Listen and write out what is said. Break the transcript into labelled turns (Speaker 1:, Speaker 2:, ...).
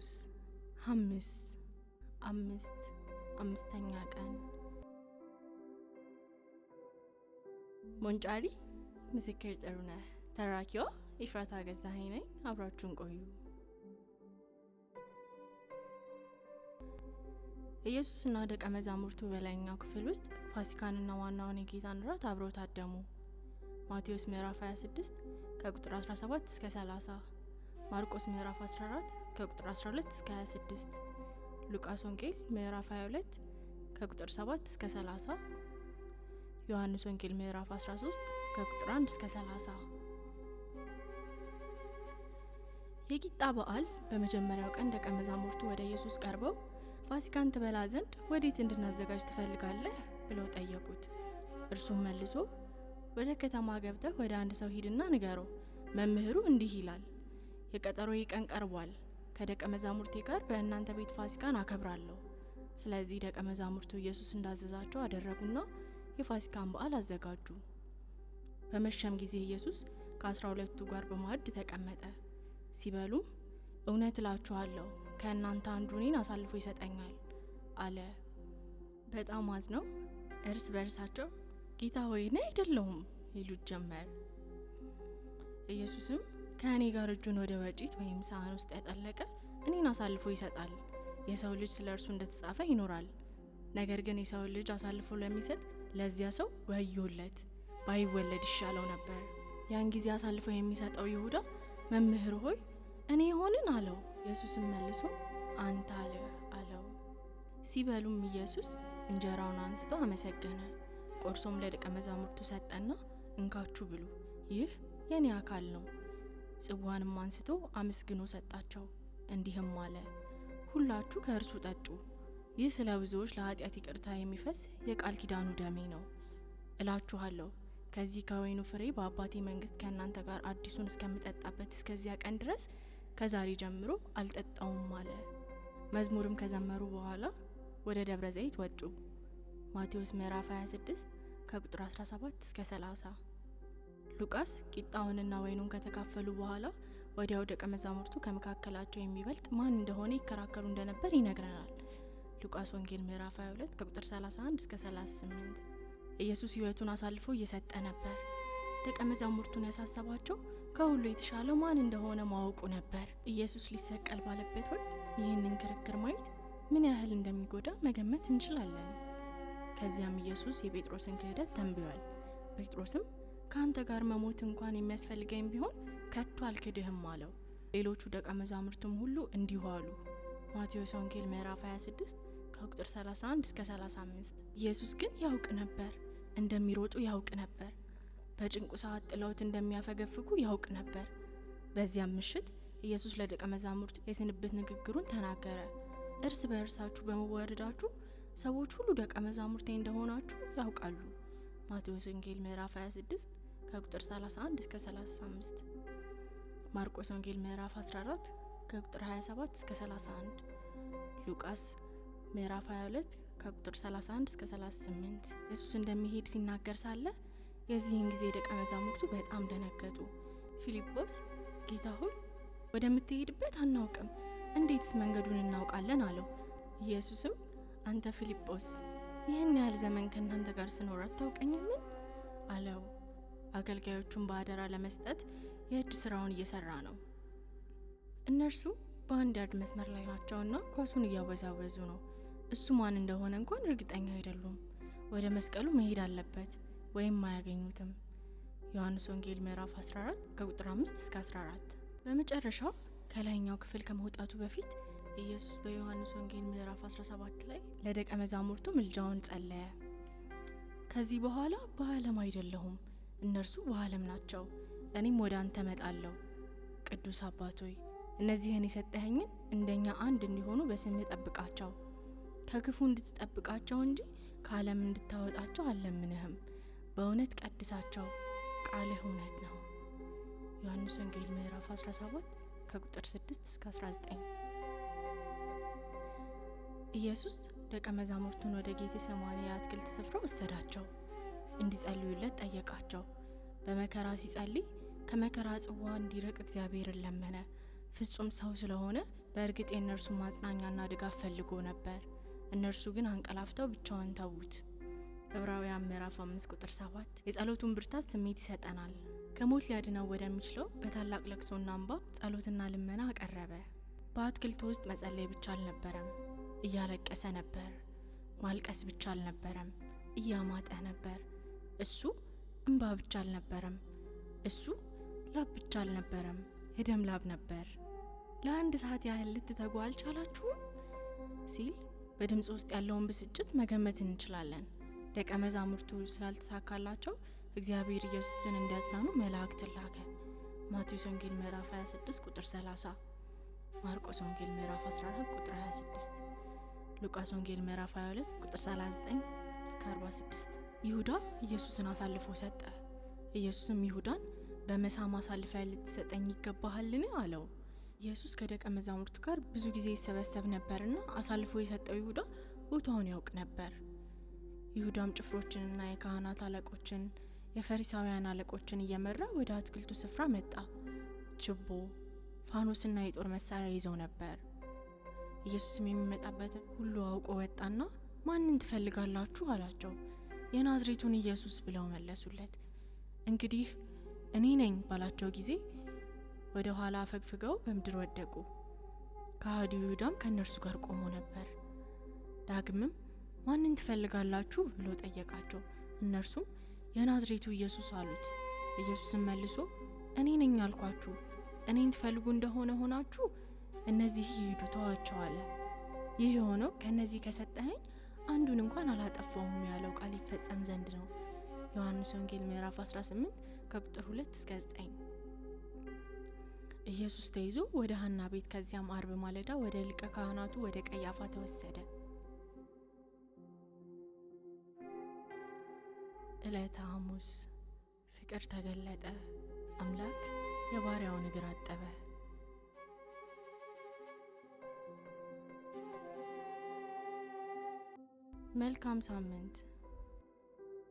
Speaker 1: ሐሙስ ሐምስ አምስት አምስተኛ ቀን ሞንጫሪ ምስክር ጥሩ ነህ። ተራኪዋ ኢፍራታ ገዛኸኝ ነኝ። አብራችሁን ቆዩ። ኢየሱስና ደቀ መዛሙርቱ በላይኛው ክፍል ውስጥ ፋሲካንና ዋናውን የጌታን እራት አብረው ታደሙ። ማቴዎስ ምዕራፍ 26 ከቁጥር 17 እስከ 30 ማርቆስ ምዕራፍ 14 ከቁጥር 12 እስከ 26፣ ሉቃስ ወንጌል ምዕራፍ 22 ከቁጥር 7 እስከ 30፣ ዮሐንስ ወንጌል ምዕራፍ 13 ከቁጥር 1 እስከ 30። የቂጣ በዓል በመጀመሪያው ቀን ደቀ መዛሙርቱ ወደ ኢየሱስ ቀርበው ፋሲካን ትበላ ዘንድ ወዴት እንድናዘጋጅ ትፈልጋለህ ብለው ጠየቁት። እርሱም መልሶ ወደ ከተማ ገብተህ ወደ አንድ ሰው ሂድና ንገረው፣ መምህሩ እንዲህ ይላል የቀጠሮዬ ቀን ቀርቧል። ከደቀ መዛሙርቴ ጋር በእናንተ ቤት ፋሲካን አከብራለሁ። ስለዚህ ደቀ መዛሙርቱ ኢየሱስ እንዳዘዛቸው አደረጉና የፋሲካን በዓል አዘጋጁ። በመሸም ጊዜ ኢየሱስ ከአስራ ሁለቱ ጋር በማዕድ ተቀመጠ። ሲበሉም እውነት እላችኋለሁ ከእናንተ አንዱ እኔን አሳልፎ ይሰጠኛል አለ። በጣም አዝነው እርስ በእርሳቸው ጌታ ሆይ እኔ አይደለሁም ይሉት ጀመር። ኢየሱስም ከእኔ ጋር እጁን ወደ ወጪት ወይም ሳህን ውስጥ ያጠለቀ እኔን አሳልፎ ይሰጣል። የሰው ልጅ ስለ እርሱ እንደተጻፈ ይኖራል። ነገር ግን የሰው ልጅ አሳልፎ ለሚሰጥ ለዚያ ሰው ወዮለት፣ ባይወለድ ይሻለው ነበር። ያን ጊዜ አሳልፎ የሚሰጠው ይሁዳ መምህር ሆይ እኔ ሆንን አለው። ኢየሱስም መልሶ አንተ አልህ አለው። ሲበሉም ኢየሱስ እንጀራውን አንስቶ አመሰገነ፣ ቆርሶም ለደቀ መዛሙርቱ ሰጠና እንካችሁ ብሉ፣ ይህ የኔ አካል ነው ጽዋንም አንስቶ አመስግኖ ሰጣቸው፣ እንዲህም አለ፣ ሁላችሁ ከእርሱ ጠጡ። ይህ ስለ ብዙዎች ለኃጢአት ይቅርታ የሚፈስ የቃል ኪዳኑ ደሜ ነው። እላችኋለሁ ከዚህ ከወይኑ ፍሬ በአባቴ መንግሥት ከእናንተ ጋር አዲሱን እስከምጠጣበት እስከዚያ ቀን ድረስ ከዛሬ ጀምሮ አልጠጣውም አለ። መዝሙርም ከዘመሩ በኋላ ወደ ደብረ ዘይት ወጡ። ማቴዎስ ምዕራፍ 26 ከቁጥር 17 እስከ 30 ሉቃስ ቂጣውንና ወይኑን ከተካፈሉ በኋላ ወዲያው ደቀ መዛሙርቱ ከመካከላቸው የሚበልጥ ማን እንደሆነ ይከራከሩ እንደነበር ይነግረናል። ሉቃስ ወንጌል ምዕራፍ 22 ከቁጥር 31 እስከ 38። ኢየሱስ ሕይወቱን አሳልፎ እየሰጠ ነበር። ደቀ መዛሙርቱን ያሳሰባቸው ከሁሉ የተሻለው ማን እንደሆነ ማወቁ ነበር። ኢየሱስ ሊሰቀል ባለበት ወቅት ይህንን ክርክር ማየት ምን ያህል እንደሚጎዳ መገመት እንችላለን። ከዚያም ኢየሱስ የጴጥሮስን ክህደት ተንብዮአል። ጴጥሮስም ከአንተ ጋር መሞት እንኳን የሚያስፈልገኝ ቢሆን ከቶ አልክድህም አለው። ሌሎቹ ደቀ መዛሙርትም ሁሉ እንዲሁ አሉ። ማቴዎስ ወንጌል ምዕራፍ 26 ከቁጥር 31 እስከ 35። ኢየሱስ ግን ያውቅ ነበር፣ እንደሚሮጡ ያውቅ ነበር፣ በጭንቁ ሰዓት ጥለውት እንደሚያፈገፍጉ ያውቅ ነበር። በዚያም ምሽት ኢየሱስ ለደቀ መዛሙርት የስንብት ንግግሩን ተናገረ። እርስ በእርሳችሁ በመዋደዳችሁ ሰዎች ሁሉ ደቀ መዛሙርቴ እንደሆናችሁ ያውቃሉ። ማቴዎስ ወንጌል ምዕራፍ 26 ከቁጥር 31 እስከ 35፣ ማርቆስ ወንጌል ምዕራፍ 14 ከቁጥር 27 እስከ 31፣ ሉቃስ ምዕራፍ 22 ከቁጥር 31 እስከ 38። ኢየሱስ እንደሚሄድ ሲናገር ሳለ የዚህን ጊዜ ደቀ መዛሙርቱ በጣም ደነገጡ። ፊልጶስ ጌታ ሆይ ወደምትሄድበት አናውቅም፣ እንዴትስ መንገዱን እናውቃለን? አለው። ኢየሱስም አንተ ፊልጶስ ይህን ያህል ዘመን ከእናንተ ጋር ስኖር አታውቀኝምን? አለው። አገልጋዮቹን በአደራ ለመስጠት የእጅ ስራውን እየሰራ ነው። እነርሱ በአንድ ያርድ መስመር ላይ ናቸውና ኳሱን እያወዛወዙ ነው። እሱ ማን እንደሆነ እንኳን እርግጠኛ አይደሉም። ወደ መስቀሉ መሄድ አለበት ወይም አያገኙትም። ዮሐንስ ወንጌል ምዕራፍ 14 ከቁጥር 5 እስከ 14። በመጨረሻ ከላይኛው ክፍል ከመውጣቱ በፊት ኢየሱስ በዮሐንስ ወንጌል ምዕራፍ 17 ላይ ለደቀ መዛሙርቱ ምልጃውን ጸለየ። ከዚህ በኋላ በዓለም አይደለሁም፣ እነርሱ በዓለም ናቸው፣ እኔም ወደ አንተ እመጣለሁ። ቅዱስ አባት ሆይ እነዚህን የሰጠኸኝን እንደኛ አንድ እንዲሆኑ በስምህ ጠብቃቸው። ከክፉ እንድትጠብቃቸው እንጂ ከዓለም እንድታወጣቸው አለምንህም። በእውነት ቀድሳቸው፣ ቃልህ እውነት ነው። ዮሐንስ ወንጌል ምዕራፍ 17 ከቁጥር 6 እስከ 19 ኢየሱስ ደቀ መዛሙርቱን ወደ ጌቴሰማኒ የአትክልት ስፍራ ወሰዳቸው፣ እንዲጸልዩለት ጠየቃቸው። በመከራ ሲጸልይ ከመከራ ጽዋ እንዲርቅ እግዚአብሔርን ለመነ። ፍጹም ሰው ስለሆነ በእርግጥ የእነርሱን ማጽናኛና ድጋፍ ፈልጎ ነበር። እነርሱ ግን አንቀላፍተው ብቻውን ተዉት። ዕብራውያን ምዕራፍ 5 ቁጥር 7 የጸሎቱን ብርታት ስሜት ይሰጠናል። ከሞት ሊያድነው ወደሚችለው በታላቅ ለቅሶና እንባ ጸሎትና ልመና አቀረበ። በአትክልቱ ውስጥ መጸለይ ብቻ አልነበረም። እያለቀሰ ነበር። ማልቀስ ብቻ አልነበረም፣ እያማጠ ነበር። እሱ እንባ ብቻ አልነበረም፣ እሱ ላብ ብቻ አልነበረም፣ የደም ላብ ነበር። ለአንድ ሰዓት ያህል ልትተጉ አልቻላችሁም ሲል በድምፅ ውስጥ ያለውን ብስጭት መገመት እንችላለን። ደቀ መዛሙርቱ ስላልተሳካላቸው እግዚአብሔር ኢየሱስን እንዲያጽናኑ መላእክት ላከ። ማቴዎስ ወንጌል ምዕራፍ 26 ቁጥር 30፣ ማርቆስ ወንጌል ምዕራፍ 14 ቁጥር 26 ሉቃስ ወንጌል ምዕራፍ 22 ቁጥር 39 እስከ 46። ይሁዳ ኢየሱስን አሳልፎ ሰጠ። ኢየሱስም ይሁዳን በመሳም አሳልፈህ ልትሰጠኝ ይገባሃልን አለው። ኢየሱስ ከደቀ መዛሙርቱ ጋር ብዙ ጊዜ ይሰበሰብ ነበርና አሳልፎ የሰጠው ይሁዳ ቦታውን ያውቅ ነበር። ይሁዳም ጭፍሮችንና የካህናት አለቆችን የፈሪሳውያን አለቆችን እየመራ ወደ አትክልቱ ስፍራ መጣ። ችቦ፣ ፋኖስና የጦር መሳሪያ ይዘው ነበር። ኢየሱስም የሚመጣበትን ሁሉ አውቆ ወጣና ማንን ትፈልጋላችሁ አላቸው። የናዝሬቱን ኢየሱስ ብለው መለሱለት። እንግዲህ እኔ ነኝ ባላቸው ጊዜ ወደ ኋላ አፈግፍገው በምድር ወደቁ። ከሃዲ ይሁዳም ከእነርሱ ጋር ቆሞ ነበር። ዳግምም ማንን ትፈልጋላችሁ ብሎ ጠየቃቸው። እነርሱም የናዝሬቱ ኢየሱስ አሉት። ኢየሱስም መልሶ እኔ ነኝ አልኳችሁ፣ እኔን ትፈልጉ እንደሆነ ሆናችሁ እነዚህ ይሄዱ ተዋቸው አለ። ይህ የሆነው ከእነዚህ ከሰጠኸኝ አንዱን እንኳን አላጠፋውም ያለው ቃል ይፈጸም ዘንድ ነው። ዮሐንስ ወንጌል ምዕራፍ 18 ከቁጥር 2 እስከ 9። ኢየሱስ ተይዞ ወደ ሀና ቤት ከዚያም አርብ ማለዳ ወደ ሊቀ ካህናቱ ወደ ቀያፋ ተወሰደ። ዕለተ ሐሙስ ፍቅር ተገለጠ። አምላክ የባሪያውን እግር አጠበ። መልካም ሳምንት